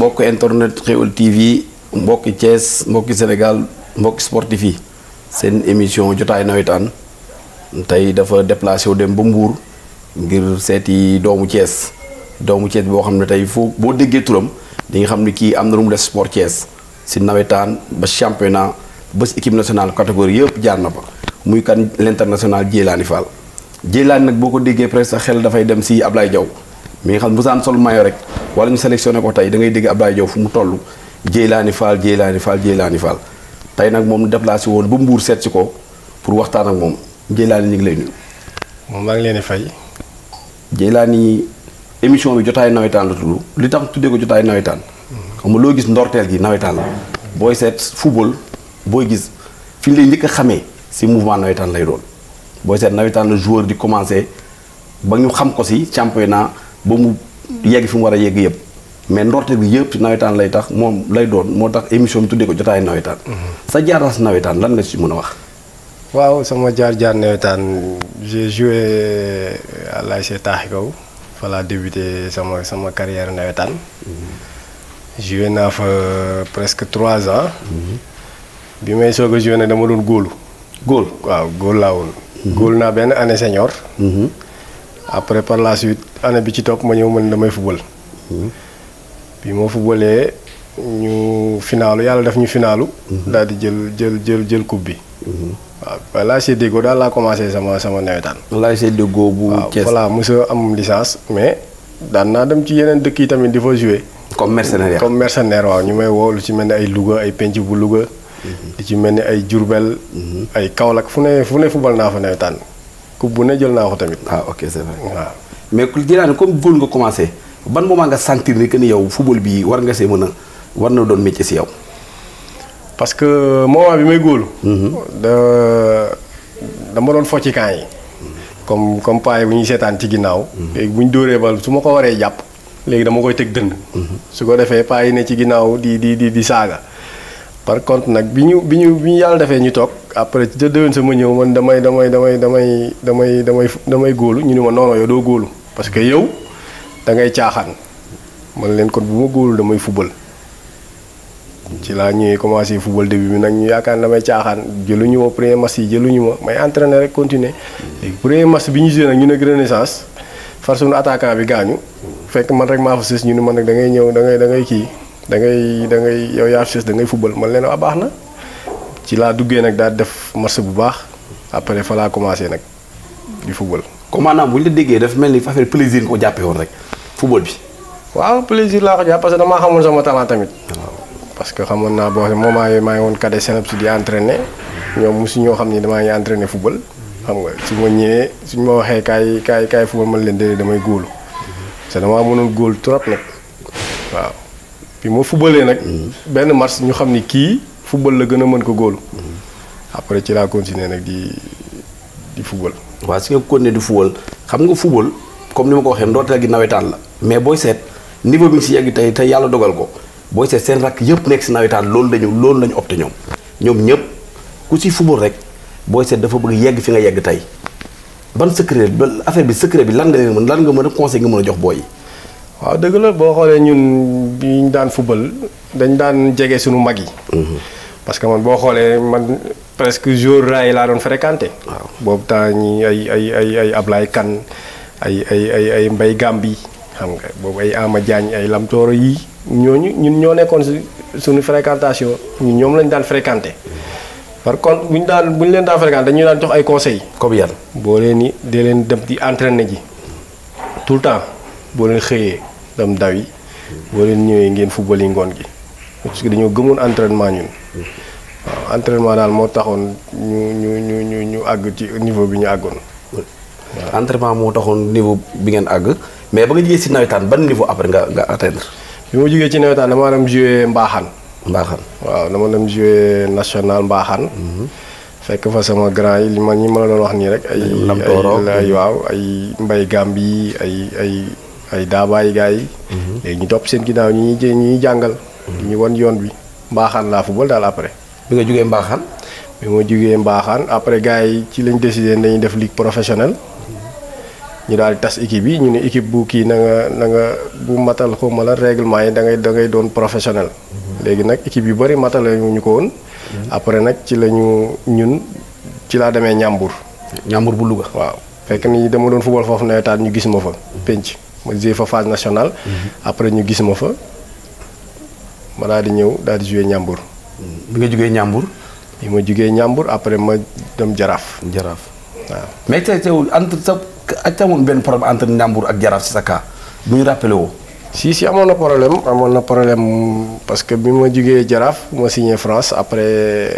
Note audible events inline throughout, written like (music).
mbokk internet Xéweul TV mbokki Thiès mbokki Sénégal mbokki sportif yi seen émission jotaay nawetaan tey dafa déplacé wu dem ba Mbour ngir seeti doomu Thiès doomu Thiès boo xam ne tey foo boo déggee turam di nga xam ne kii am na lu mu def sport Thiès si nawetaan ba championnat ba si équipe nationale catégorie yëpp jaar na fa muy kan l' international Djeylani Fall Djeylani nag boo ko déggee presque xel dafay dem si Ablaye Diaw. mi nga xam bu saan sol maillot rek wala ñu sélectionné ko tey da ngay dégg Ablaye Diop fu mu toll Jeylaani Fall Jeylaani Fall Jeylaani Fall tey nag moom déplacé woon ba Mbour seet si ko pour waxtaan ak moom Jeylaani ñu ngi lay nuyu. moom maa ngi leen di fay. Jeylaani émission bi jotaay nawetaan la tudd li tax tuddee ko jotaay nawetaan. xam nga loo gis ndorteel gi nawetaan la. booy seet football booy gis fi ñu lay njëkk a xamee si mouvement nawetaan lay doon booy seet nawetaan la joueur di commencé ba ñu xam ko si championnat. ba mu yegg fi mu war a yegg yëpp mais ndorte bi yëpp nawetaan lay tax moom lay doon moo tax émission bi tuddee ko jotaay nawetaan mhm. sa jaaras nawetaan lan nga ci mën wax waaw sama jaar-jaar nawetaan j'ai joué à l'ASC Taaxi Kaw fa laa débuté sama sama carrière nawetaan mhm. joué naa fa presque trois ans mhm. bi may soog a joué nag dama doon góolu góol waaw góol laa woon góol naa année senior après par la suite année bi ci top ma ñew man damay football hmm. bi mo footballé ñu finalu yalla ñu finalu hmm. dal di jël jël jël jël coupe bi hmm. waaw la c'est dégo dal la commencé sama sama newetan la c'est dégo bu ties voilà musa am licence mais dan na dem ci yenen dëkk yi tamit di fa jouer comme mercenaire comme mercenaire waaw ñu may wo lu ci melni ay louga ay penc bu louga di ci melni ay jurbel ay kaolak fune fune fu football na fa newetan coupe bu ne jël naa ko tamit. ah ok c'est vrai nga commencé ban moment nga sentir ni que ni yow football bii war nga see mën a war na doon métier si yow. parce que euh, moment bi may góolu. Mhm. da dama doon focc yi. comme comme paa yi bu ñuy seetaan ci ginnaaw. Mhm. léegi bu ñu dóoree bal su ma ko waree jàpp. léegi dama koy teg dënd. Mhm. su ko defee paa ne ci ginnaaw di di di di saaga. par contre nag bi ñu bi ñu bi ñu yàlla defee ñu toog. après ci deewen sama ñew man damay damay damay damay damay damay damay golu ñu ni ma nono ya, yow do golu parce que yow da ngay tiaxan man len kon buma golu damay football ci la ñëwé commencé football début bi nak ñu yaakaar damay tiaxan jëlu ñu oh, premier match yi jëlu oh, ñu ma may entraîner rek continuer légui eh, premier match bi ñu jël ya, nak ñu nak renaissance far suñu attaquant bi gañu fekk man rek ma fa sess ñu ni man nak da ngay da ngay da ngay ki da ngay da ngay yow ya, ya sess da ngay football man len ci laa duggee nag daal def marché bu baax après fa laa commencé nag di football. comme maanaam bu ñu la déggee daf mel ni affaire plaisir ko jàppee woon rek football bi. waaw plaisir laa ko jàpp parce que damaa xamoon sama talent tamit. parce que naa boo xam ne moment yooyu maa ngi woon cadet Sénégal di entraîné ñoom mosu ñoo xam ni damaa ngi entraîné football. xam nga su ma ñëwee suñ ma waxee kaay kaay kaay football man leen déedéet damay góolu parce que damaa mënoon góol trop nag waaw bi ma fubalee nag. Mm. benn match ñu xam ni kii. football la gën a mën ko góolu après ci laa continuer nag di di football. waaw si nga ne di football xam nga football comme ni ma ko waxee ndoorteel gi nawetaan la mais booy seet niveau bi si yegg tey tey yàlla dogal ko booy seet seen rakk yëpp nekk si nawetaan loolu lañu loolu la ñu opté ñoom ñëpp ku si football rek booy seet dafa bëgg yegg fi nga yegg tey ban secret ba affaire bi secret bi lan nga leen mën lan nga mën a conseil nga mën a jox booy waaw dëgg la boo xoolee ñun ñu daan football dañ daan jege suñu mag yi. Mhm. parce que man boo xoolee man presque jour raay laa doon fréquenté. waaw boobu temps ñi ay ay ay ay Ablaye ay ay ay ay Mbaye Gambi xam nga boobu ay Ama Diagne ay Lamtooro yi ñooñu ñun ñoo nekkoon si suñu fréquentation ñoom lañ daan fréquenté. par contre bu ñu daan leen daan fréquenté dañu daan jox ay conseils. comme yan boo leen ni dee leen dem di entraîné ji tout le temps boo leen xëyee dem daw boo leen ñëwee ngeen football yi ngoon gi parce que dañoo gëmoon entraînement ñun. Ah, entraînement daal moo taxoon ñu ñu ñu ñu ñu àgg ci niveau bi ñu àggoon entraînement moo taxoon niveau bi ngeen àgg mais ba nga jigee si nawetaan ban niveau après nga nga atteindre bi ma jigee ci nawetaan dama dem jouer mbaaxaan mbaaxaan waaw dama dem jouer national mbaaxaan mhm. fekk fa sama grand yi man ñi ma la doon wax nii rek ay ay mhm. waaw ay mbay gambi ay ay ay daabaay gars yi mhm. léegi ñu seen ginnaaw ñi ñuy jàngal ñu won yoon bi mbaaxaan laa football daal après. bi nga jugee mbaaxaan. bi ma jugee mbaaxaan après gars yi ci lañ décidé nañu def ligue professionnelle. ñu daal di tas équipe yi ñu ne équipe bu kii na nga na nga bu matal ko ma la règlement yi da ngay da doon professionnel. léegi nag équipe yu bëri matal ñu ko woon. après nag ci lañu ñun ci laa demee Ñàmbur. Ñàmbur bu Louga. waaw fekk ni dama doon football foofu nawetaan ñu gis ma fa. penc ma joué fa phase nationale. Mhm. après ñu gis ma fa. ma daal di ñëw daal di jouer ñàmbur bi nga jugee ñàmbur bi ma jugee ñàmbur après ma dem jaraaf jaraf, waaw mais tey teewul entre sa ak tamul ben problème entre ñàmbur ak jaraaf si sa cas bu ñu rappelé woo si si amoon na problème amoon na problème parce que bi ma jugee jaraaf ma signé France après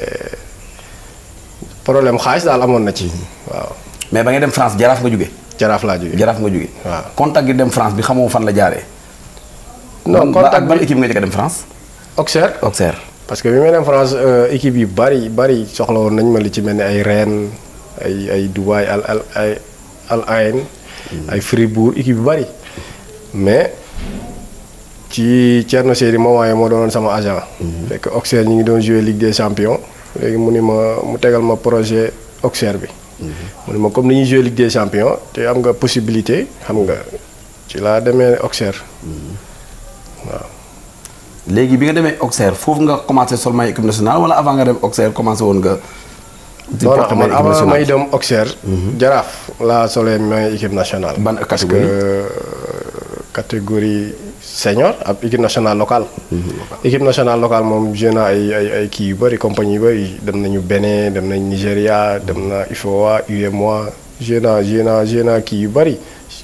problème xaalis daal amoon na ci waaw mais ba ngay dem France jaraf nga jugee jaraf laa jugee jaraf nga jugee waaw contact gi dem France bi xamoo fan la jaaree non contact ban équipe nga jëkk dem France Auxerre Auxerre parce que bi may dem France euh, équipe yi bari bari soxla woon nañ ma li ci mel ni ay Rennes ay ay Dubaï al al ay Al Ain ay Fribourg équipe yu bari mais ci Thierno Seydi Mawaye moo doonoon sama agent. Mhm. fekk Auxerre ñu ngi doon jouer Ligue des Champions léegi mu ni ma mu tegal ma projet Auxerre bi. Mhm. mu ni ma comme dañuy jouer Ligue des champion te am nga possibilité xam nga ci laa demee Auxerre mhm. waaw. léegi bi nga demee Auxerre foofu nga commencé sol may équipe nationale wala avant nga dem Auxerre commencé woon nga. non non avant may dem Auxerre. Mhm. jaraaf laa solee may équipe nationale. ban catégorie euh, catégorie senior ab équipe nationale locale. Mhm. équipe nationale locale moom joué na ay ay kii yu bëri compagnie yu bëri dem nañu Bénin dem nañ Nigéria dem na UFOA UEMOA joué na joué na joué na kii yu bëri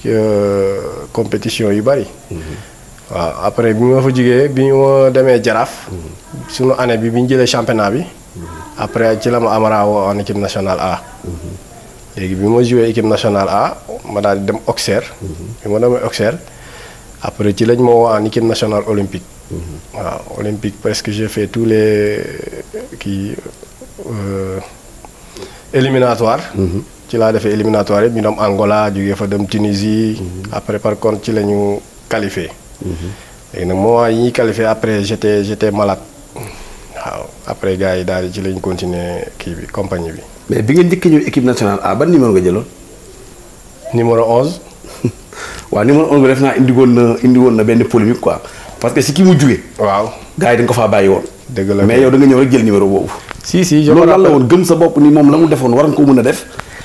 euh, compétition yu bëri. Mhm. waaw après bi ma fa jugee bi ma demee jaraaf. suñu année bi bi ñu jëlee championnat bi. après ci la ma Amara woo en équipe nationale A. léegi bi ma joué équipe nationale A ma daal di dem Auxerre. bi ma demee Auxerre après ci lañ ma woo en équipe nationale olympique. waaw olympique presque j'ai fait tous les kii euh, éliminatoire ci laa defee éliminatoire yëpp ñu dem Angola jugee fa dem Tunisie. après par contre ci lañu ñu léegi nag moment yi ñuy après j'étais j'étais malade waaw après gars yi daal ci lañ continuer kii bi compagnie bi. mais bi nga njëkk ñëw équipe nationale A ah ban numéro nga jëloon. numéro 11. (laughs) waaw numéro 11 bi def naa indi woon na indi woon na benn polémique quoi parce que si kii mu jugee. waaw gaa yi dañ ko faa bàyyi woon. dëgg la mais yow da nga ñëw rek jël numéro boobu. si si je la woon gëm sa bopp ni moom la mu defoon war nga ko mën a def.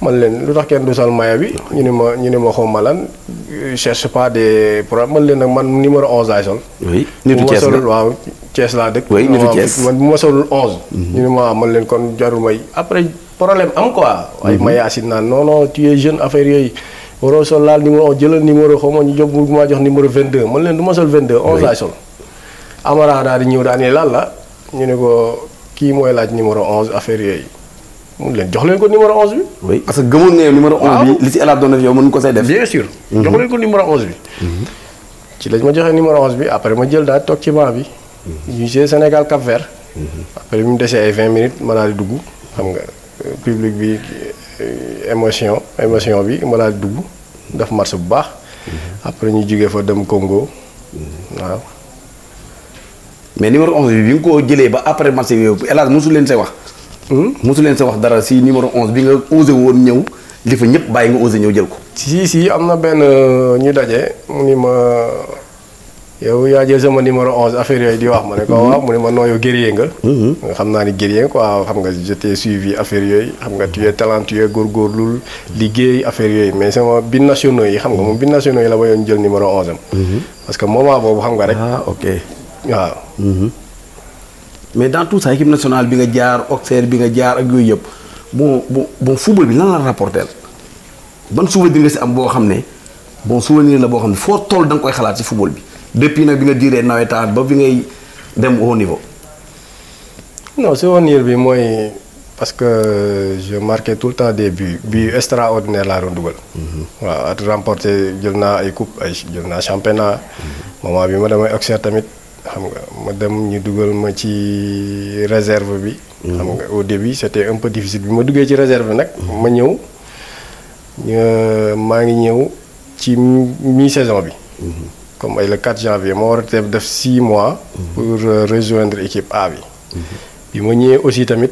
man leen lu tax kenn du sal maillot bi ñu ne ma ñu ne ma xaw ma lan euh, cherche pas des problèmes man leen nag man numéro 11 laay sol. oui nitu Thiès la bu ma solul laa dëkk. bu ma solul 11. ñu ne ma man leen kon jarul may après problème am quoi. waaye ma yaasin naan non non jeune affaire yooyu. waroo sol laal numéro 11 jëlal numéro xaw ma ñu jóg mu maa jox numéro 22 man leen du ma sol 22 11 laay sol. amara daal di ñëw daal ne lan la ñu ne ko kii mooy laaj numéro 11 affaire yooyu. mu leen jox leen ko numéro 11 bi. oui parce que gëmoon nga numéro 11 bi li ci donné, Hadj yow mën ko say def. bien sûr. Mhm. jox leen ko numéro 11 bi. Mhm. ci lañ ma joxee numéro 11 bi après ma jël daal toog ci banc bi. Mhm. ñu joué Sénégal Cap Vert. après bi mu desee ay 20 minutes ma daal di dugg xam nga euh, public bi euh, émotion émotion bi ma daal di dugg daf match bu baax. après ñu jugee fa dem Congo waaw. mais numéro 11 bi bi nga ko jëlee ba après match bi El Hadj mosu leen say wax. Hmm? mosu leen sa wax dara si numéro 11 bi nga osé woon ñëw li fa ñëpp bàyyi nga osé ñëw jël ko. si si am na benn euh, ñu daje mu ni ma yow yaa jël sama numéro 11 affaire yooyu di wax ma ne ko hmm. waaw mu ne ma nooyoo guerrier nga. Hmm. nga xam naa ni guerrier quoi xam nga j'étais suivi affaire yooyu xam nga tu es talentueux góorgóorlu liggéey affaire yooyu mais sama bi nationaux yi xam nga moom bi nationaux yi la ma yoon jël numéro 11 am. parce que moment boobu xam nga rek. Ah, mais dans tout ça équipe nationale bi nga jaar Auxerre bi nga jaar ak yooyu bon bon football bi lan la rapporté bon souvenir nga si am boo xam ne bon souvenir la boo xam ne tol toll da nga koy xalaat football bi depuis nag bi nga diiree nawetaan ba bi ngay dem au niveau. non souvenir bi mooy parce que je marquais tout le temps des buts buts extraordinaire la doon dugal. Mhm. waaw at remporté jël naa ay coupe ay jël naa championnat mhm. moment bi ma damay Auxerre tamit. xam nga ma dem ñu dugal ma ci réserve bi. xam nga au début c'était un peu difficile bi ma duggee ci réserve nag. ma ñëw maa ngi ñëw ci mi saison bi. comme ay le 4 janvier ma war a teeb def 6 mois. pour euh, rejoindre équipe A bi. bi ma ñëwee aussi tamit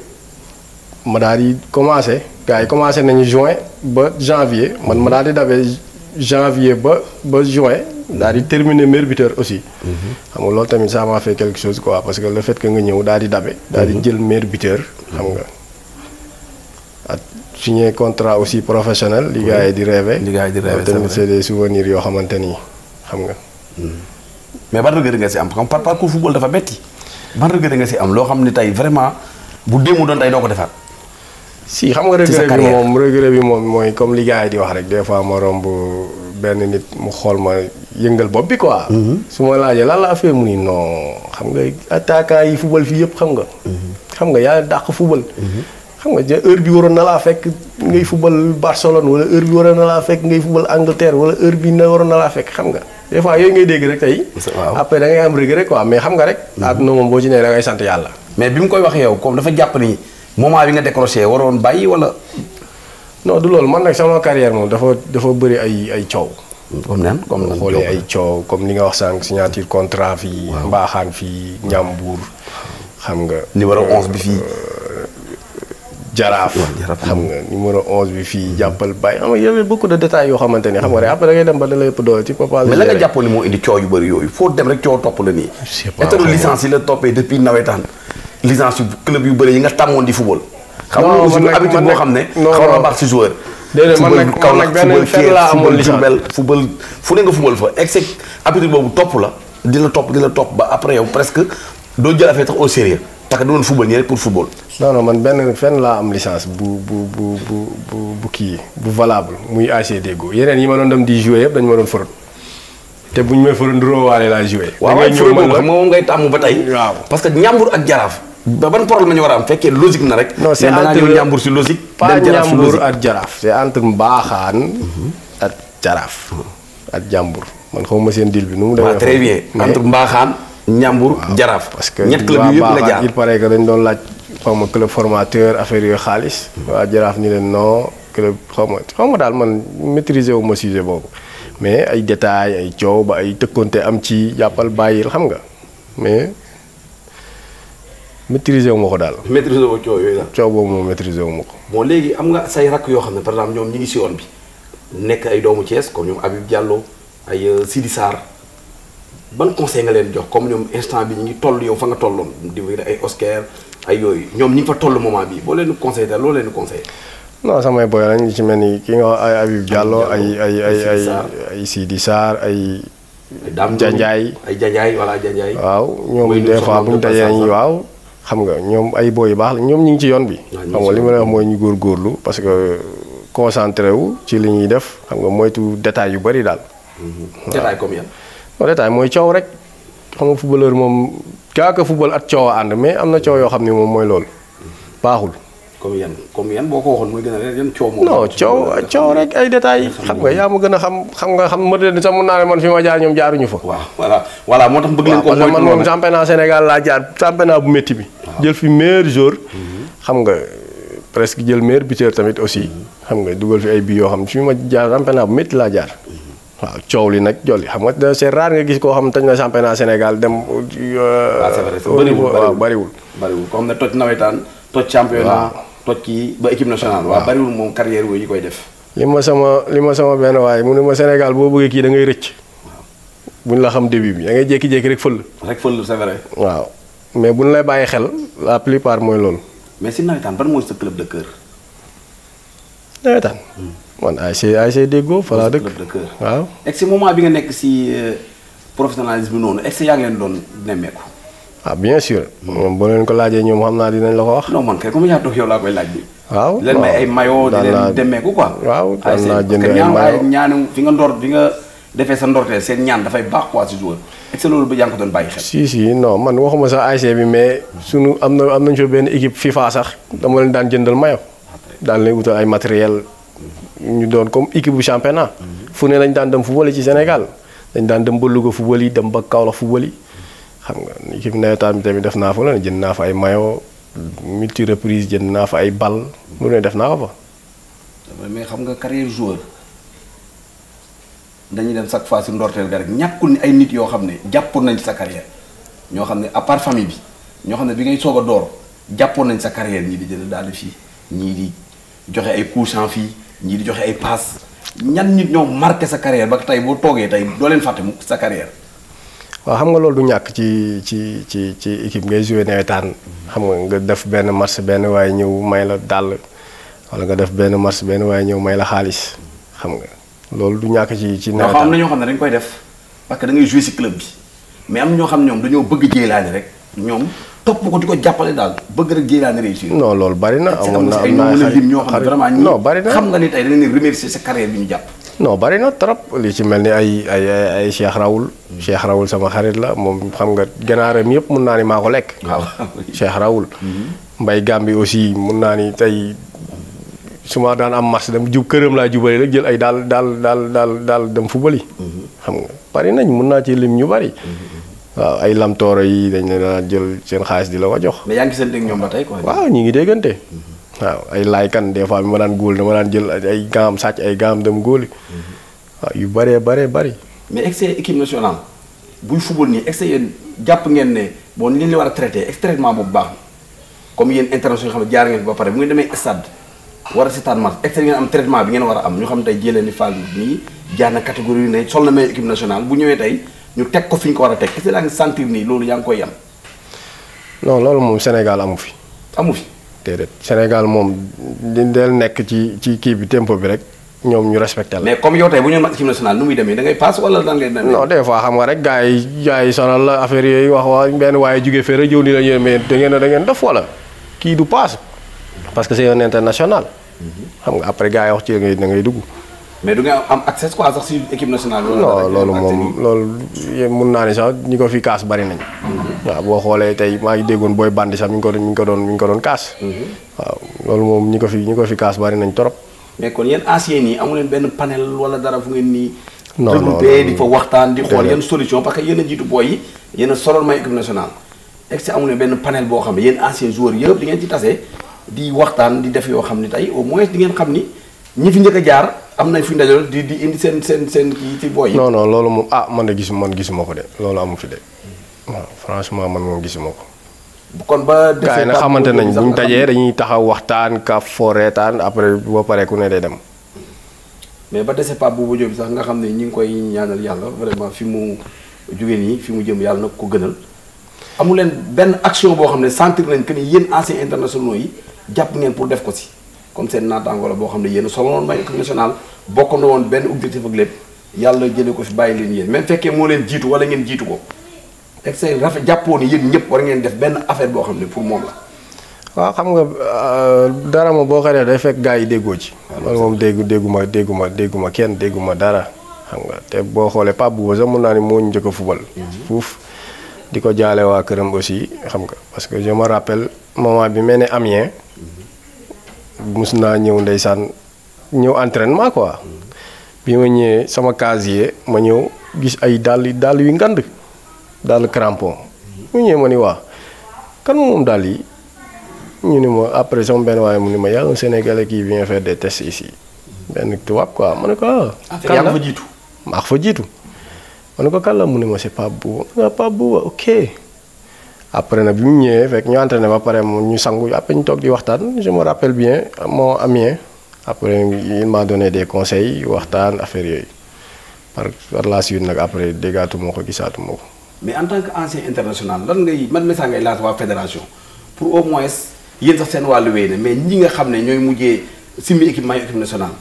ma daal di commencé gars yi commencé nañu juin ba janvier man ma daal di dabee. janvier ba juin il a terminer meilleur buteur aussi. Mhm. ça m'a fait quelque chose quoi parce que le fait que nous ñëw daal di mhm. meilleur buteur. xam nga signé signé contrat aussi professionnel. li gars di gars des souvenirs mhm. mais nga football vraiment si xam nga regret bi moom regret bi moom mooy comme li gars yi di wax rek des fois ma romb benn nit mu xool ma yëngal bopp bi quoi. Mhm. su ma laajee lan la affaire mu ni non xam nga attaquant yi football fii yëpp xam nga. Mhm. xam nga yaa dàq football. Mhm. xam nga ja heure bi waroon na laa fekk ngay football Barcelone wala heure bi waroon na wala heure bi na waroon na xam nga. des fois yooyu ngay dégg rek tey. après da am regret quoi mais xam nga rek. àdduna moom boo ci nee da sant yàlla. mais bi mu koy wax yow comme dafa jàpp ni. moment bi nga décroché waroon bàyyi wala. non du loolu man nag sama carrière moom dafa dafa bëri ay ay coow. comme nan comme nan xoolee ay coow comme ni nga wax sànq signature contrat fii. mbaaxaan fii Njàmbur. xam nga numéro 11 euh, bi fii. Euh, jaraaf xam nga numéro 11 bi fii mm-hmm. jàppal bàyyi xam nga y avait beaucoup de détails yoo xamante ne xam nga rek après da ngay dem ba da lay ëpp doole ci papa mais la nga jàppoon ni indi coow yu bëri yooyu foo dem rek coow topp la nii. je sais pas état depuis nawetaan. licence yu club yu bëri yi nga tàmmoon di football. xam nga xam ne. xaw na baax si joueur. déedéet man nag kaw fu ne nga football fa boobu topp la di topp di la topp ba après yow presque doo jël affaire au sérieux parce que doon football pour football. man benn fenn am licence bu bu bu bu bu bu valable muy AG Déggo yeneen yi ma doon dem di jouer yëpp dañu ma doon ñu may forot nduróowaale laa jouer. da ngay tàmm ba tey. waaw parce que ñàmbur ak jaraaf. ba ban problème ñu war am fekkee logique na rek. si logique. pas ñàmbur ak jaraaf c'est entre mbaaxaan ak jaraaf ak jàmbur man xawma seen dil bi nu mu demee. très bien entre mbaaxaan parce que club la jaar il paraît que dañ doon laaj xawma club formateur affaire yooyu xaalis. waa jaraaf ñu leen non club xawma xawma daal man maîtriser wu ma sujet boobu mais ay détails ay coow ba ay am ci xam nga mais. maîtriser wu ma ko daal. maîtriser wu coow yooyu daal. coow boobu moom maîtriser wu ma ko. bon léegi am nga say rakk yoo xam ne par exemple ñoom ñi ngi si yoon bi nekk ay doomu cees comme ñoom Habib Diallo ay euh, Sidi Sarr ban conseil nga leen jox comme ñoom instant bi ñu ngi toll yow fa nga tolloon di ay Oscar ay yooyu ñoom ñi fa toll moment bi boo leen conseil daal loo leen conseil non samay boy lañ ci mel ni ki nga ay Habib Diallo ay ay ay ay ay Sidi Sarr ay Dame Ndiaye ay Janjaay wala Janjaay waaw ñoom des fois bu ñu dajee waaw xam nga ñoom ay booy yu baax la ñoom ñu ngi ci yoon bi. xam nga li ma lay wax mooy ñu góorgóorlu parce que concentré wu ci li ñuy def xam nga moytu détail yu bari daal. détail comme yan. mooy coow rek xam nga footballeur moom kaaka football at coow a ànd mais am na coow yoo xam ne moom mooy loolu baaxul. comme yan comme yan boo ko waxoon mooy a coow coow rek ay détails xam nga yaa ma gën a xam xam nga xam ma leen sax mun naa ne man fi ma jaar ñoom jaaruñu fa. waaw voilà voilà moo tax bëgg leen ko. man moom championnat Sénégal laa jaar championnat bu métti bi. jël fi meilleur joueur. Mhm. xam nga presque jël meilleur buteur tamit aussi. Mhm. xam nga dugal fi ay bi yoo xam ne fi ma jaar championnat bu métti laa jaar. Mhm. waaw coow li nag jolli xam nga c'est rare nga gis koo xam toj na championnat Sénégal dem. waaw ah, c'est vrai bariwul bariwul bariwul. bariwul ne toj nawetaan toj championnat toj kii ba équipe nationale. waaw bariwul moom carrière yooyu ñu koy def. li ma sama li ma sama benn waaye mu ne ma Sénégal boo bëggee kii da ngay rëcc. buñ la xam début bi da ngay jékki-jékki rek fël. rek fël c'est vrai. waaw mais bu ñu lay bàyyi xel la plupart mooy loolu. mais si nawetaan ban mooy sa club de cœur. nawetaan. Hmm. man ASC ASC Déggo fa laa dëkk. club de cœur waaw. est moment bi nga nekk si euh, professionnalisme bi noonu est ce yaa ngeen leen doon nemmeeku. ah bien sûr. moom boo leen ko laajee ñoom xam naa dinañ la ko wax. non man kay comme yaa toog yow laa koy laaj bi. waaw leen may ay mayo demeeku quoi. waaw daan naa jënd ay nga ndor fi nga defee sa ndorteel seen ñaan dafay baax quoi si joueur est ce que loolu ba yaa ngi ko doon bàyyi xel. si si bi mais am na am nañu fa benn équipe FIFA sax dama leen daan jëndal mayo daan leen wutal ay matériel ñu doon comme équipe bu championnat. Mhm. fu ne lañ daan dem football ci Sénégal dañ daan dem ba Louga football yi dem ba Kaolack football yi xam nga équipe nawetaan bi tamit def naa fa la fa ay mayo multi reprise jënd naa fa ay bal def naa ko fa. mais xam nga carrière joueur dañuy dem chaque fois si ndorteel ga ñàkku ñàkkul ni ay nit yoo xam ne jàppoon nañ sa carrière ñoo xam ne à part bi ñoo xam ne bi ngay soog a door jàppoon nañ sa carrière ñii di jënd daal fii ñii di joxe ay couchant fii ñii di joxe ay passe ñan nit ñoo marqué sa carrière ba tey boo toogee tey doo leen fàtte mu sa carrière. waaw xam nga loolu du ñàkk ci ci ci ci équipe ngay joué nawetaan xam nga nga def benn match benn waaye ñëw may la dàll wala nga def benn match benn waaye ñëw may la xaalis xam nga loolu du ñàkk ci ci nawetaan am na ñoo xam ne dañ koy def parce que da ngay joué si club bi mais am ñoo xam ñoom dañoo bëgg Jeylaani rek ñoom topp ko di ko jàppale daal bëgg rek Jeylaani réussir non loolu bari na amoon na am na lim ñoo xam bari xam nga ni tey dañ leen remercier bi ñu jàpp non bari na trop li ci melni ay ay ay cheikh raoul cheikh raoul sama xarit la mom xam nga ganaaram yep mën naa ni maa ko lek cheikh rawul mhm. mbay gambi aussi mën naa ni suma daan am mas dem jub kërëm laa jubali rek jël ay dal dal dal dal dal dem fubali mhm. xam nga bari nañ mën naa ci lim ñu bari mhm. waaw ay lam tooro yi dañ la daan jël seen xaalis di la ko jox mais yaa ngi seen dégg ñoom ba tey quoi waaw ñi ngi déggante waaw ay laay kan des fois bi daan góol dama daan jël ay gaam sàcc ay gaam dem góoli waaw ah, yu baree bëree bari mais excès équipe nationale buy football nii excès yéen jàpp ngeen ne bon li ñu war a traité extrêmement boobu baax comme yéen internationaux yoo xam ne jaar ngeen pare bu demee stade war a seetaan match excès ngeen am traitement bi ngeen war a am ñu xam tey jëlee ni Fall nii jaar na catégorie ne sol na meilleur équipe nationale bu ñëwee tey ñu teg ko fi ñu ko war a teg est-ce que daa ngi sentir nii loolu yaa ngi koy am. non loolu moom Sénégal amu fi. amu fi. déedéet Sénégal moom li del nekk ci ci kii bi tempo bi rek. ñoom ñu respecté la mais comme yow tay bu ñu équipe nationale nu muy demee da ngay pass wala da ngay demee non des fois xam nga rek gaay gaay sonal la affaire yooyu wax waa benn waaye jóge fee rek jëw ni la ñu mais da ngeen da ngeen def wala kii du pass parce que c'est un international xam nga après gaay wax ci ngay da ngay dugg mais du nga am accès quoi sax ci équipe nationale non loolu moom loolu mun naa ne sax ñi ko fi kaas bari nañ mhm. ngi bandi sax ko ko doon ko doon kaas mhm. ñi ko fi ñi ko fi kaas bari nañ torop mais kon yéen anciens yi amu leen benn panel wala dara fu ngeen nii. non non di fa waxtaan di xool yan solution parce que yéen a jiitu booy yi yéen a soroon may équipe nationale. est-ce benn panel boo xam ne yéen anciens joueurs yëpp di ngeen ci tase di waxtaan di def yoo xam ne tey au moins di ngeen xam ni ñi fi njëkk a jaar am na fi ndajal di di indi seen seen seen kii ci booy yi. non non loolu moom ah man de gisuma man gisuma ko de loolu amu fi de waaw franchement man moom gisuma ko. kon ba. desee na xamante nañ bu ñu dajee dañuy taxaw waxtaan ka foreetaan après boo paree ku ne day dem. mais ba dese Pape Bouba Diop sax nga xam ne ñu ngi koy ñaanal yàlla vraiment fi mu jógee nii fi mu jëm yàlla na ko gënal amu leen benn action boo xam ne sentir nañ que ni yéen anciens internationaux yi jàpp ngeen pour def ko si comme seen naataango la boo xam ne yéen solo woon may équipe nationale bokk na woon benn objectif ak lépp yàlla jëlee ko fi bàyyi leen yéen même fekkee moo leen jiitu wala ngeen jiitu ko. teg say rafet jàppoo ni yéen ñëpp war ngeen def benn affaire boo xam ne pour moom la. waaw xam nga euh, dara ma boo xoolee day fekk gaa yi déggoo ci. Ah, loolu moom déggu dégguma dégguma dégguma kenn dégguma dara xam nga te boo xoolee Pape Bouba sax mun naa ni moo ñu njëkk a fubal. Mhm. fuuf di ko jaale waa këram aussi xam nga parce que je me rappelle moment bi mel ne Amiens. Mhm. mus naa ñëw ndeysaan ñëw entraînement quoi. Mhm. bi ma ñëwee sama casier ma ñëw gis ay dàll dàll yu ngand. daal crampon mu ñëwee ma ni waa kan moom daal yi ñu ni ma après sama benn waaye mu ni ma y a un vient faire des tests ici benn tubaab quoi ma ko ah. Ah, jiitu fa jiitu ma ne ko kan la mu ni ma c'est Pape Bouba ma ne Pape Bouba ok. après nag bi mu ñëwee fekk ñu entraîné ba pare ñu sangu après ñu toog di waxtaan je me bien moo ami après il m'a donné des conseils waxtaan affaire yooyu par par la suite nag après déggaatuma ko gisaatuma ko. mais en tant qu'ancien international lan ngay man message ngay lancé waa fédération pour au moins yéen sax sen wàllu wéy na mais ñi nga xamné ñoy mujjé mujjee simi équipement équipe nationale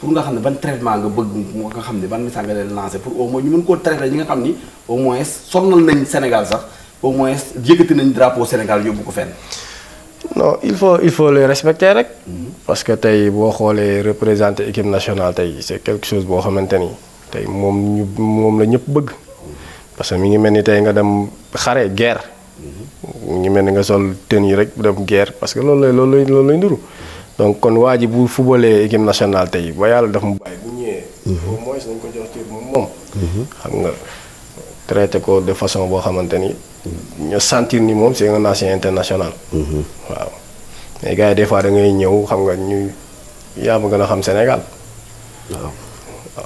pour nga xamné ban traitement nga bëgg nga xamné ban message nga leen lancé pour au moins ñu mën ko traité ñi nga xamné au moins sonnal nañ Sénégal sax au moins yëkkati nañ drapeau Sénégal yóbbu ko fenn. non il faut il faut le respecter rek. Mhm. parce que tay bo xolé représenter équipe nationale tay c'est quelque chose bo xamante tay mom ñu mom la ñëpp bëgg. parce que mi ngi mel ni tey nga dem xare guerre. Mhm. mi ngi mel ni nga sol tenue rek dem guerre parce que loolu lay loolu lay loolu lay nduru donc kon waa ji bu fubalee équipe nationale tey ba yàlla daf mu bàyyi bu ñëwee. Mhm. au moins nañ ko jox ci moom. Mhm. xam nga traité ko de façon boo xamante ni. ñu sentir ni moom c'est un ancien international. waaw mais gars yi des fois da ngay ñëw xam nga ñu yaa ma gën a xam Sénégal. waaw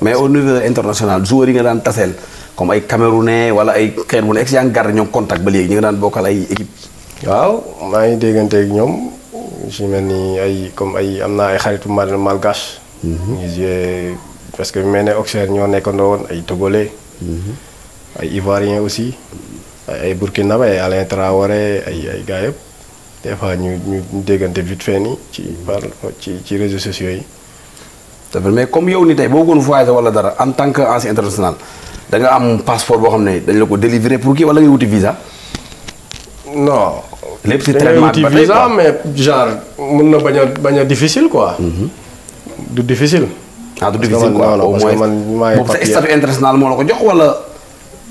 mais au niveau international joueur yi nga daan taseel. comme ay Camerounais wala ay xeet wu ne est-ce que yaa ngi ñoom contact ba léegi ñu ngi daan bokkal ay équipe. waaw maa ngi déggante ak ñoom su mel ni ay comme ay am naa ay xaritu mal malgache. Mhm. parce que mel ne Auxerre ñoo nekkandoo woon ay togolais. Mhm. ay ivoiriens aussi. ay burkinabé ay Alain Traoré ay ay gars yëpp des fois ñu ñu déggante vite fait nii ci par ci ci réseaux sociaux yi. mais comme yow ni tey boo gën voyagé wala dara en tant que ancien international. danga nga am passeport boo xam ne dañ la ko délivrer pour kii wala ngay wuti visa. non. lépp si traitement ba mais genre a bañ a difficile quoi. Mhm. du difficile. ah du difficile quoi au moins man statut international moo ko jox wala.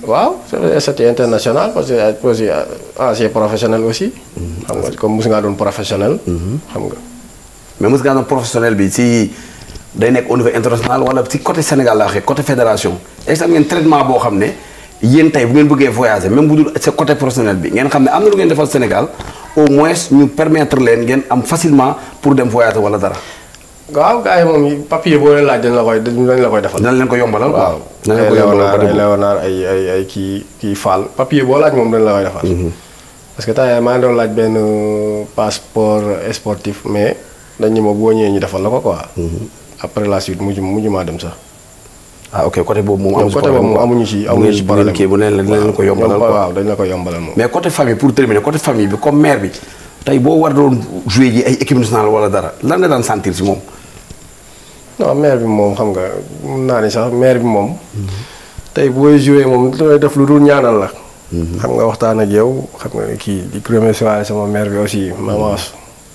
waaw statut international parce que euh, aussi euh, ancien professionnel aussi. Mhm. xam nga comme mos ngaa doon professionnel. Mhm. xam nga. mais mos ngaa doon professionnel bi si. day nekk au niveau international wala si côté Sénégal la waxee côté fédération est ngeen traitement boo xam ne yéen tey bu ngeen bëggee voyager même bu dul sa côté professionnel bi ngeen xam ne am na lu ngeen defal Sénégal au moins ñu permettre leen ngeen am facilement pour dem voyager wala dara. waaw gars yi moom papier boo leen laaj dañ la koy dañ la koy defal. dañ leen ko yombalal waaw. dañ leen ay Léonard kii kii Fall papier boo moom dañ la koy defal. Mhm. parce que temps maa ngi doon laaj benn passeport sportif mais dañ ñu ma boo ñëwee ñu defal la ko quoi. Mhm. après la suite mujj mujj maa dem sax. ah ok côté boobu moom. amuñu ci boobu moom amuñu si amuñu ci problème bu ngeen bu ngeen ko yombalal quoi waaw dañ la ko yombalal moom. mais côté famille pour terminer côté famille bi comme mère bi tey boo war doon joué ji ay équipe nationale wala dara lan nga daan sentir si moom. non bi moom xam nga mun naa ne sax maire bi moom. tey booy joué moom looy def lu dul ñaanal la. Mhm. xam nga waxtaan ak yow xam nga kii di premier soirée sama mère bi aussi maman.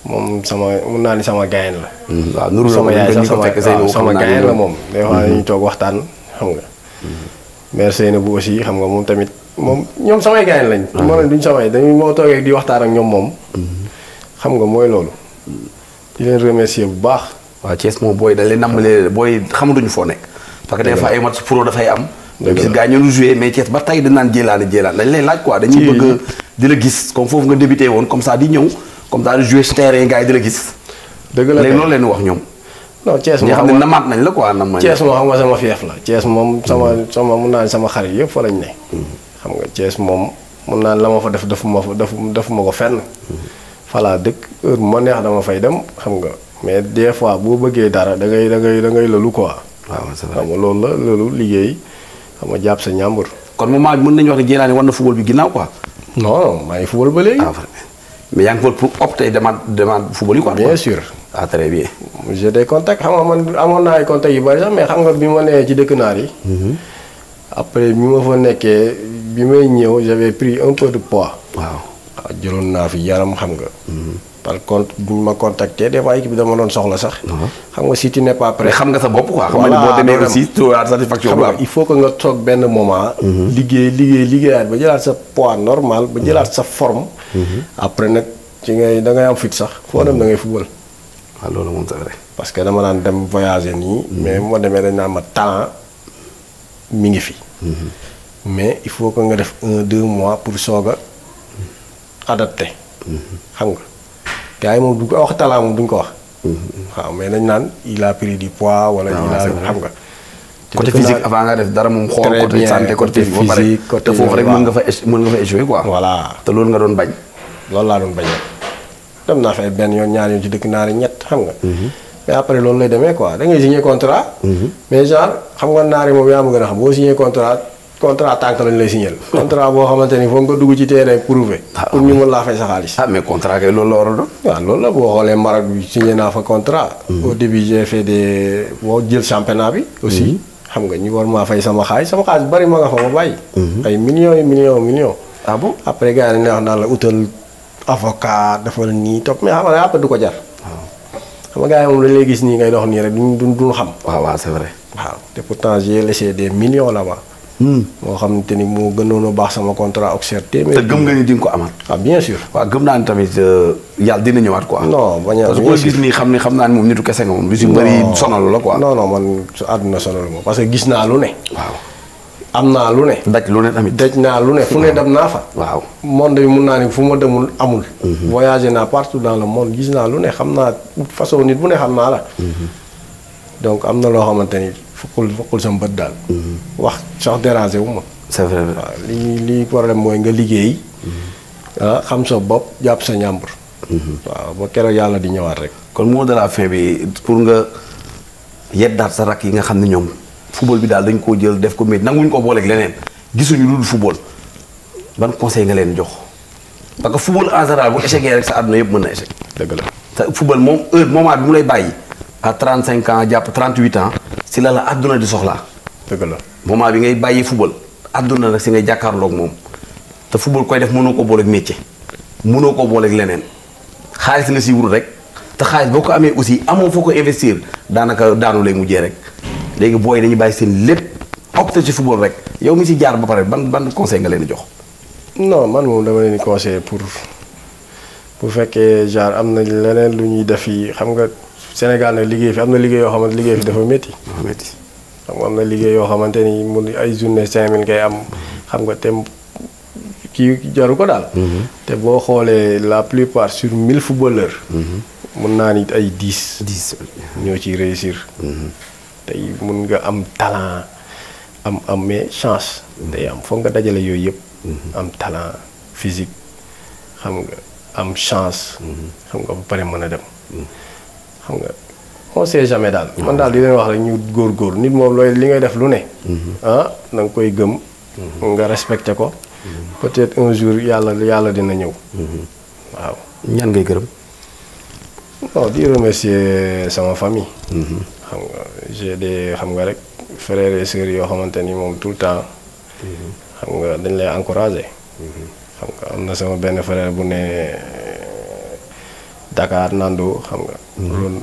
moom sama mun naa ni sama gayen la. Hmm, waaw nuru la moom sama gayen la moom. des fois hmm. dañuy toog waxtaan xam nga. ne hmm. Seynabou aussi xam nga moom tamit moom ñoom samay gayen lañ. Ah. moo leen duñ samay dañ moo toogee di waxtaan ak ñoom moom. xam nga mooy loolu. di leen remercier bu baax. waaw cees moom booy dalee leen nambalee booy xamatuñu foo nekk. parce que des fois ay match dafay am. dëgg la gaa ñoonu joué mais Thiès ba tey dañ naan jéelaane jéelaan dañ lay laaj quoi. dañuy bëgg di la gis comme foofu nga débuté woon comme ça di ñëw. comme daal jouer si terrain yi gars yi di la gis. dëgg la léegi loolu leen wax ñoom. non Thiès moom xam ne namaat nañ la quoi namaat. Thiès moom xam nga la Thiès moom hmm. sama sama mun naa ne sama xarit yëpp fa ne. Hmm. xam nga Thiès moom mun naa la ma fa def defu ma defu defu ko fenn. voilà hmm. dëkk heure neex dama fay dem xam nga mais des fois boo bëggee dara da ngay da ngay da ngay lolu quoi. waaw ah c'est la loolu liggéey xam nga jàpp sa ñàmbur. kon moment bi mën nañu wax ne Dieylané war na football bi ginnaaw ko non non maa ngi football ba léegi. Ah, mais yaa ngi fa pour opter demande demande football yi quoi. bien sûr ah amoon naa ay contacts yu bari sax mais ma nee ci dëkk naar yi. Mhm. après bi ma bi may ñëw j'avais pris un peu de poids. waaw ah, jëloon naa fi yaram xam nga. Mhm. par contre bu ñu ma contacté des fois équipe bi dama doon soxla sax. Ah. xam nga si tu n'es pas xam nga sa bopp quoi. voilà boo nga il benn moment. Mhm. liggéey liggéey liggéeyaat ba jëlaat sa poids normal ba jëlaat sa forme. Mhm. après nag ci ngay da ngay am fit sax foo dem da ngay football waaw ah, loolu moom c'est vrai parce que dama daan dem voyager nii mhm. mais bu ma dañ naan ma talent mi ngi fi mhm. mais il faut que nga def un deux mois pour soog a adapté xam nga gars yi duñ ko wax talent duñ ko wax mais dañ il a pris du poids wala ah, il a xam nga côté physique avant nga def dara mom xol côté santé côté physique côté fofu rek mën nga fa mën nga fa échouer quoi voilà té loolu nga doon loolu laa doon bañee dem naa fay benn yoon ñaar yoon ci dëkk naari ñett xam nga. Mhm. mais après loolu lay demee quoi da ngay signé contrat. Mhm. mais genre xam nga naari moom yaa ma gën a xam boo signé contrat contrat tànk lañ lay signé. (laughs) ni foog nga dugg ci terrain prouvé. Ah, pour ñu ah. mën laa fay sa xaalis. ah mais contrat kay loolu la war a loolu la boo xoolee Maroc bi signé naa fa contrat. boo mhm. début j'ai fait des boo jël championnat bi. aussi xam nga ñu war maa fay sama xaalis sama xaalis bari ma nga fa ma bàyyi. ay millions yi millions millions. ah bon après avocat defal nii topp mais xam nga après du ko jar. xam nga yi moom dañ lay gis nii ngay dox nii rek duñ duñ xam. waaw waaw c'est vrai. waaw te pourtant j'ai laissé des millions là-bas. Hmm. moo xam te ni moo gën a baax sama contrat ak téeméer. te gëm nga ni di ko amaat. ah bien sûr. waaw gëm naa ni tamit euh, yàlla dina ñëwaat ko non bañ a parce que gis nii xam ne xam naa ni moom nitu kese nga moom. lu si bëri sonalu la quoi. non non man su àdduna que gis naa am naa lu ne. daj lu ne tamit daj naa lu ne fu ne dem naa fa. waaw monde bi mun naa ni fu ma demul amul. Mhm. voyagé naa partout dans le monde gis naa lu ne xam naa façon nit bu ne xam naa la. Mhm. donc am na loo xamante ni fukkul fukkul sama bët daal. Mhm. wax sax dérangé wu ma. c'est vrai waaw li problème mooy nga liggéey. ah xam sa bopp jàpp sa ñàmbur. waaw ba keroog yàlla di ñëwaat rek. kon moo de la fin bi pour nga yeddaat sa rakk yi nga xam ne ñoom. football bi daal dañ koo jël def ko métti nanguñ ko booleeg leneen gisuñu lu dul football ban conseil nga leen jox parce que football en général bu échec rek sa àdduna yëpp mën na échec. dëgg la te football moom heure moment bi mu lay bàyyi à 35 ans jàpp 38 ans si la la àdduna di soxlaa. dëgg la moment bi ngay bàyyi football àdduna nag si ngay jàkkaarloog moom te football koy def mënoo ko booleeg métier mënoo ko booleeg leneen xaalis na si wut rek te xaalis boo ko amee aussi amoo foo ko investir daanaka daanu lay mujjee rek. léegi booy dañuy bàyyi seen lépp opté ci football rek yow mi si jaar ba pare ban ban conseil nga leen di jox. non man moom dama leen di conseiller pour bu fekkee genre am na leneen lu ñuy def yi xam nga Sénégal nag liggéey fi am na liggéey yoo xamante liggéey fi dafa métti. métti xam nga am na liggéey yoo xamante ni mun ay journée cinq mille ngay am xam nga te kii jaru ko daal. Mhm. te boo xoolee la plupart sur mille footballeurs. Mhm. mun naa nit ay dix. dix ñoo ci réussir. Mhm. tey mun nga am talent am am mais chance. day am foog nga dajale yooyu yëpp. Mm-hmm. am talent physique xam nga am chance. Mm-hmm. xam nga ba pare mën a dem. Mm-hmm. xam nga on sait jamais daal. man daal di leen wax rek ñu góorgóorlu nit moom looy li ngay def lu ne. ah na koy gëm. nga respecté ko. peut-être un jour yàlla yàlla dina ñëw. waaw ñan ngay gërëm. bon di remercier sama famille. xam nga j'ai des xam nga rek frères et sœurs yoo xamante ni moom tout le mhm. xam nga dañ lay encouragé. Mhm. xam nga am na sama benn frère bu ne Dakar Nando xam nga. Mhm. loolu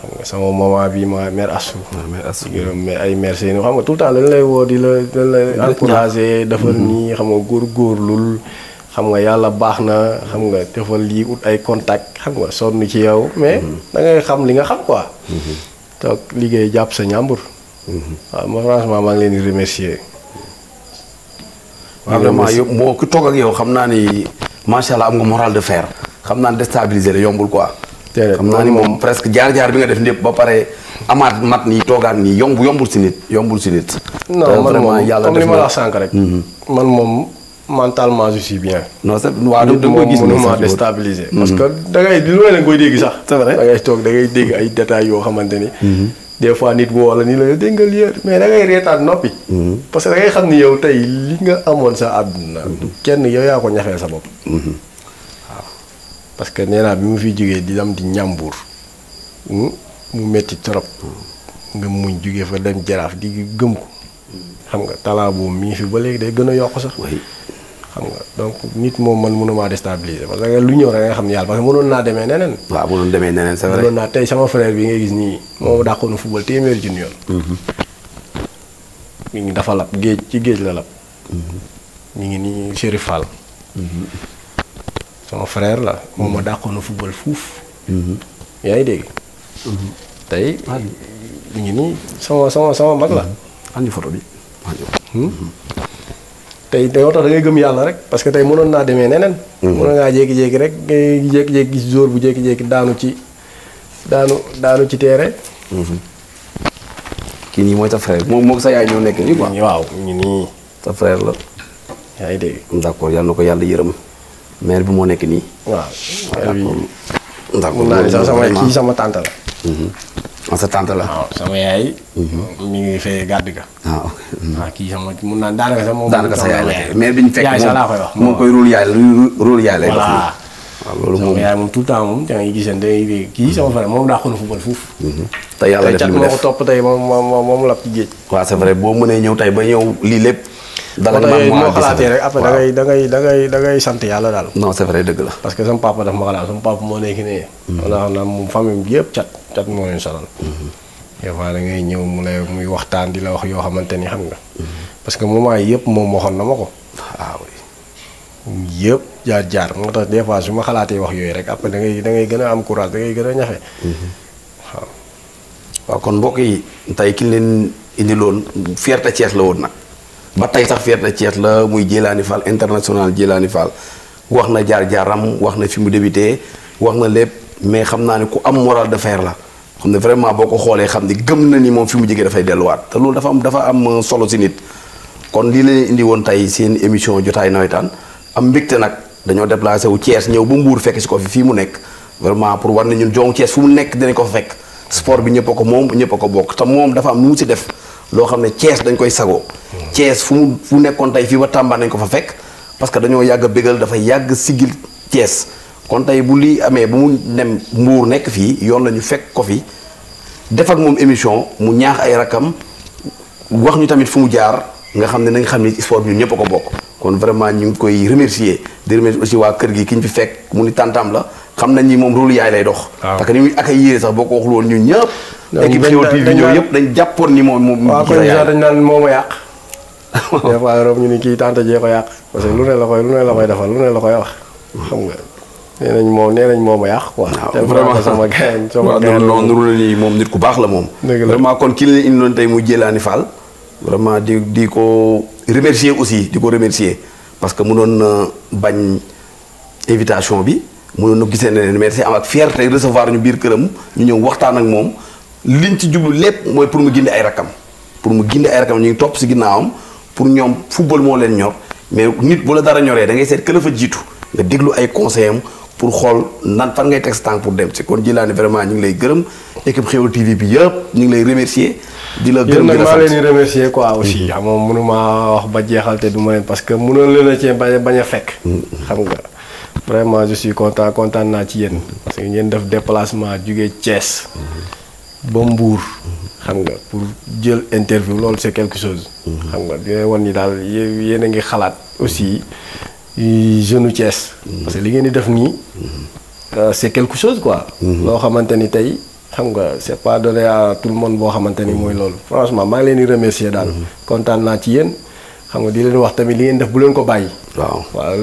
xam nga sama maman bi ma mère Assou. mère Assou gërëm ay mère Seynou xam nga tout le temps dañ lay woo di la dañ lay encouragé defal nii xam nga góorgóorlul. xam nga yàlla baax na xam nga defal lii ut ay contact xam nga sonn ci yow mais da ngay xam li nga xam quoi. toog liggéey jàpp sa ñàmbur waaw ma franchement maa ngi leen di remercier waaw vraiment yow moo ku toog ak yow xam naa ni macha allah am nga moral de fer xam naa ni déstabiliser la yombul quoi xam naa ni moom presque jaar-jaar bi nga def lépp ba pare amaat mat nii toogaat nii yomb yombul si nit yombul si nit non er man moom comme li ma la sànq rek man moom mentalement je suis bien non c'est wa do ko gis ni ma déstabiliser parce que da ngay lu leen koy Masuk, sax c'est vrai da ngay tok da ngay dégg ay détails yo xamanteni des fois nit wo la ni la dégg li mais da ngay rétat nopi parce que da ngay xam ni yow tay li nga amone sa aduna kenn yow ya ko ñaxé sa bop parce que néna bi mu fi jugé di dam di ñambour mu metti trop nga muñ jugé fa dem jaraaf di gëm ko xam nga talabo mi fi ba légui day gëna yok sax xam nga donc nit moom man mënuma déstabiliser parce que lu ñëw rek nga xam yàlla parce que mënoon naa demee neneen waaw mënoon demee neneen vrai naa tey sama frère bi ngay gis nii moom dàqoon football téeméeri junni mhm. ngi dafa lab géej ci géej la lab ñu mhm. ngi nii Chérif Fall mhm. sama frère la moom ma dàqoon football fuuf yaa ngi dégg tey ngi nii sama sama sama mag la andi photo bi hmm? tey tey tax da ngay gëm yàlla rek parce que tey mënoon naa demee neneen. Hmm. mënoon ngaa jékki-jékki rek ngay jékki-jékki gis jour bu jékki-jékki daanu ci daanu daanu ci teere. Hmm. kii nii mooy ta frère moom moog sa yaay ñoo nekk nii quoi. waaw ñu nii. sa frère la. yaa ngi dégg. d' accord yàlla na mère bi moo nekk nii. waaw. d' sama kii sama tante la. Hmm. Ah, sa tante la waaw ah, sama yaay. Mhm. mi ngi fee gàdd ga. waaw ah, waaw mhm. kii sama mun naa daanaka sax moom. daanaka sa yaay la mais bi ñu fekk yaay sax laa koy wax. moom sama da ngay gisante kii mhm. sama frère te yàlla def li mu def moo ko topp tey moom moom ci géej. waaw c'est vrai boo mënee ñëw tey ba ñëw lii lépp. dalal ma moo xalaatee rek après da ngay da ngay sant yàlla daal. non c'est la. parce que sama papa daf ma xalaat moom famille yëpp cat cat moo leen sonal des fois da ngay ñëw mu lay muy waxtaan di la wax yoo xamante ni xam nga parce que moment yëpp moom waxoon na ma ko waaw yëpp jaar jaar moo tax des fois su ma xalaatee wax yooyu rek après da ngay da ngay gën a am courage da ngay gën a ñafe waaw waaw kon mbokk yi tey ki leen indiloon fierté Thiès la woon nag ba tey sax fierté Thiès la muy Djilani international wax na jaar jaaram wax na fi mu débuté wax na lépp mais xam naa ne ku am moral de la xam ne vraiment boo ko xoolee xam ne gëm na ni moom fi mu jógee dafay delluwaat te loolu dafa am dafa am euh, solo si nit kon lii lañuy indi woon tey seen émission jotaay nawetaan am mbégte nag dañoo déplacé wu Thiès ñëw ba Mbour fekk si ko fi fii mu nekk vraiment pour war na ñun jong Thiès fu mu nekk dinañ ko fa fekk sport bi ñëpp a ko moom ñëpp ko bokk te moom dafa am nu mu si def loo xam ne Thiès dañ koy sagoo Thiès fu mu fu nekkoon tey fii ba Tamba nañ ko fa fekk parce que dañoo yàgg a bégal dafay yàgg sigil Thiès kon tey bu lii amee ba mu dem mbuur nekk fii yoon la ñu fekk ko fi def ak moom émission mu ñaax ay rakam wax ñu tamit fu mu jaar nga xam ne nañ xam ne sport bi ñun ñëpp a ko bokk. kon vraiment ñu ngi koy remercier di remercier aussi waa kër gi ki ñu fi fekk mu ni tantam la xam nañ ni moom rôle yaay lay dox. Ah. parce que ni muy sax boo ko waxul woon ñun ñëpp. dañ équipe Kewel TV ñoom yëpp dañ jàppoon ni moom moom. waaw kon dañ naan yàq. (laughs) des fois Europe ñu ni yàq parce que lu la la koy defal lu ne la koy wax xam nga. nee nañ moom nee nañ moom a yàq quoi. waaw vraiment sama gaañ (laughs) sama gaañ non nuru la ni moom nit ku baax la moom. vraiment kon ki la indiloon tey mu jëlaani Fall. vraiment di di ko remercier aussi di ko remercier parce que mënoon na bañ invitation bi mënoon na gisee ne mais am ak fierte recevoir ñu biir këram ñu ñëw waxtaan ak moom li liñ ci jublu lépp mooy pour mu gindi ay rakam pour mu gindi ay rakam ñu ngi topp si ginnaawam pour ñoom football moo leen ñor mais nit bu la dara ñoree da ngay seet këla fa jiitu nga déglu ay conseil am pour xool nan fan ngay teg sa tànk pour dem ci kon jilaani vraiment ñu ngi lay gërëm équipe TV bi yëpp ñu ngi lay remercier di la gërëm di la sant leen remercier quoi aussi xam mm-hmm. nga ah, mënuma wax ba jeexal te du ma leen parce que mënoon leen a cee bañ bañ a fekk mm-hmm. xam nga vraiment je suis content content naa ci yéen parce que ngeen def déplacement jugee Thiès mm-hmm. ba xam nga pour jël interview loolu c'est quelque chose xam nga di leen ni ngi aussi jeune Thiès. parce que li ngeen di def nii. Euh, c'est quelque chose quoi. loo xamante ni tey xam nga c'est pas donné à tout boo xamante ni mooy loolu franchement maa ngi leen di remercier daal. kontaan naa ci yéen xam di leen wax tamit ngeen def bu leen ko bàyyi.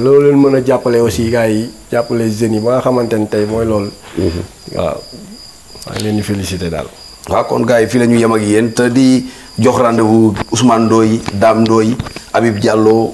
loolu leen mën a jàppale aussi gars yi jàppale jeunes yi ba nga xamante ni tey mooy waaw maa ngi leen daal. waaw kon gaa yi fii la ñu yem ak yéen te di jox rendez-vous dooy Ndoye Dame Ndoye Habib Diallo